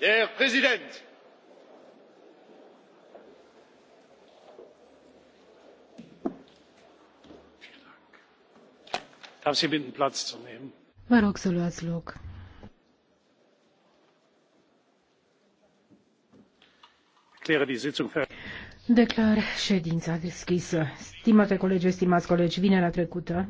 herr präsident! darf sie bitten platz zu nehmen? vă rog să luați loc. declar ședința deschisă. stimate colegi stimați colegi vinerea trecută